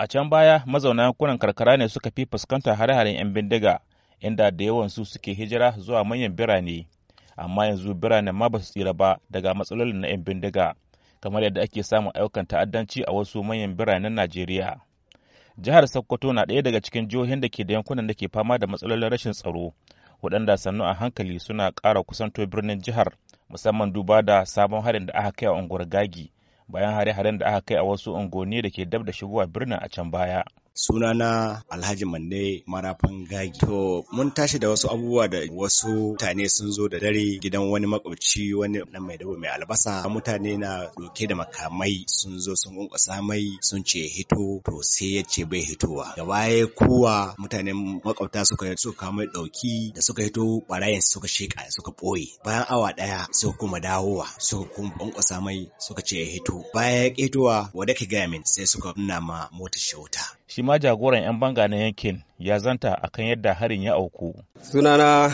a can baya mazauna yankunan karkara ne suka fi fuskantar hare-haren 'yan bindiga inda da yawansu suke hijira zuwa manyan birane amma yanzu biranen ma ba su tsira ba daga matsalolin na 'yan bindiga kamar yadda ake samun ayyukan ta'addanci a wasu manyan biranen najeriya jihar sokoto na ɗaya daga cikin jihohin da ke da yankunan da ke fama da matsalolin rashin tsaro waɗanda sannu a hankali suna ƙara kusanto birnin jihar musamman duba da sabon harin da aka kai a unguwar gagi bayan hare-haren da aka kai a wasu unguwanni da ke dab da shigowa birnin a can baya sunana alhaji mande marafan gagi to mun tashi da wasu abubuwa da wasu mutane sun zo da dare gidan wani makwabci wani nan mai dabo mai albasa mutane na doke da makamai sun zo sun kunkusa mai sun ce hito to sai ya ce bai hitowa gaba baya kowa mutanen makwabta suka suka kama dauki da suka hito barayin suka sheka suka boye bayan awa daya suka kuma dawowa suka kuma kunkusa mai suka ce hito baya ya ketowa wadda ka gaya min sai suka nuna ma motar shauta shi ma jagoran 'yan banga na yankin ya zanta akan yadda harin ya auku sunana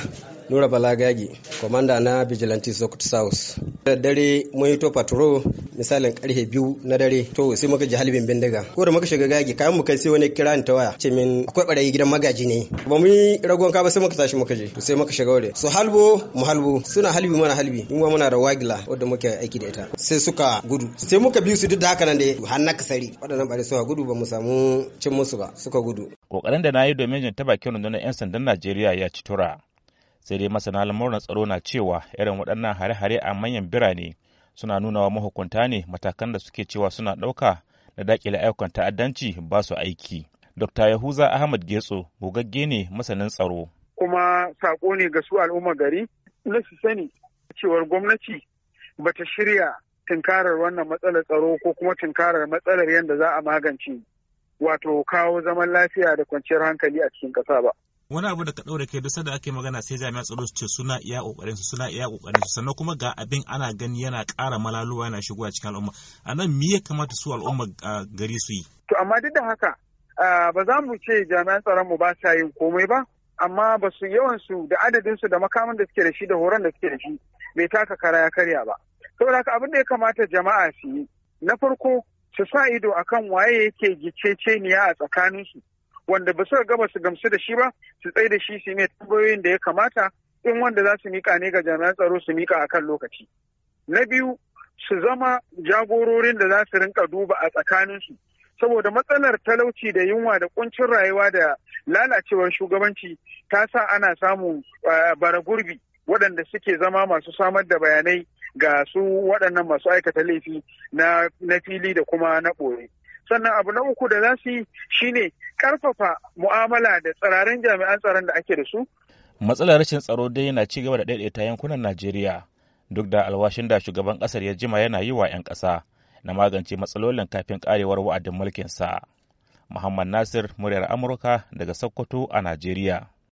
Nura Balagagi, komanda na Vigilante Zokut South. Da dare mun yi to patrol misalin karfe biyu na dare to sai muka ji halibin bindiga. Ko da muka shiga gagi kayan mu kai sai wani kira ni ta waya ce min akwai barayi gidan magaji ne. Ba mun yi ragon ka ba sai muka tashi muka je to sai muka shiga wuri. Su halbo mu halbo suna halbi mana mun in muna da wagila wanda muke aiki da ita. Sai suka gudu. Sai muka bi su duk da haka nan dai har na kasari waɗannan suka gudu ba mu samu cin musu ba suka gudu. Kokarin da na yi domin jin ta bakin rundunar 'yan sandan Najeriya ya ci tura. sai dai masana lamuran tsaro na cewa irin waɗannan hare-hare a manyan birane suna nuna wa mahukunta ne matakan da suke cewa suna ɗauka da daƙile ayyukan ta'addanci ba su aiki. Dr. Yahuza Ahmad Getso gogagge ne masanin tsaro. Kuma saƙo ne ga su al'umma gari na su sani cewar gwamnati ba ta shirya tinkarar wannan matsalar tsaro ko kuma tinkarar matsalar yadda za a magance wato kawo zaman lafiya da kwanciyar hankali a cikin ƙasa ba. wani abu da ka ɗaure kai duk sanda ake magana sai jami'an tsaro su ce suna iya kokarin su suna iya kokarin su sannan kuma ga abin ana gani yana ƙara malaluwa yana shigowa cikin al'umma a nan me ya kamata su al'umma gari su yi to amma duk da haka ba za mu ce jami'an tsaron mu ba sa yin komai ba amma ba su yawan su da adadin su da makaman da suke da shi da horon da suke da shi bai taka kara ya karya ba saboda haka abin da ya kamata jama'a su yi na farko su sa ido akan waye yake giceceniya a tsakaninsu wanda ba suka gama su gamsu da shi ba su tsaye da shi su mai tambayoyin da ya kamata in wanda za su mika ne ga jami'an tsaro su mika akan lokaci na biyu su zama jagororin da za su rinka duba a tsakanin su saboda matsalar talauci da yunwa da kuncin rayuwa da lalacewar shugabanci ta sa ana samun eh, bara gurbi waɗanda suke zama masu samar da bayanai ga su waɗannan masu aikata laifi na fili da kuma na ɓoye. sannan abu na uku da za su yi shine karfafa mu'amala da tsirarin jami'an tsaron da ake da su matsalar rashin tsaro dai yana ci gaba da daidaita yankunan najeriya duk da alwashin da shugaban kasar ya jima yana yi wa 'yan ƙasa na magance matsalolin kafin karewar wa'adin mulkinsa muhammad nasir muryar amurka daga sokoto a najeriya